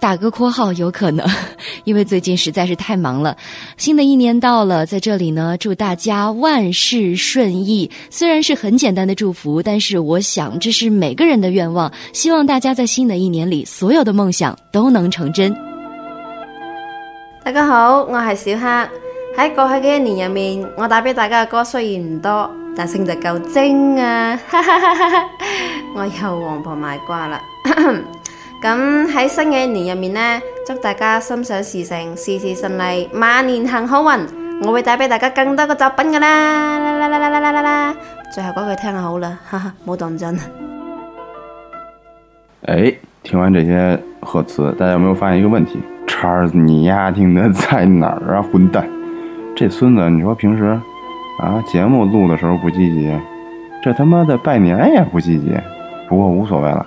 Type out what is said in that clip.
打個括號，有可能，因為最近實在是太忙了。新的一年到了，在這裏呢，祝大家萬事順意。雖然是很簡單的祝福，但是我想這是每個人的願望。希望大家在新的一年裏，所有的夢想都能成真。大家好，我係小黑。喺過去嘅一年入面，我打俾大家嘅歌雖然唔多，但勝就夠精啊！ 我又王婆賣瓜啦。 咁喺新嘅一年入面呢，祝大家心想事成，事事順利，馬年行好運！我會帶俾大家更多嘅作品噶啦,啦,啦,啦,啦,啦,啦,啦,啦，最後講句聽下好啦，哈哈，冇當真。誒、哎，聽完這些賀詞，大家有冇發現一個問題？Charles，你丫、啊、聽得在哪兒啊？混蛋！這孫子，你說平時啊節目錄的時候不積極，這他媽的拜年也不積極。不過無所謂啦。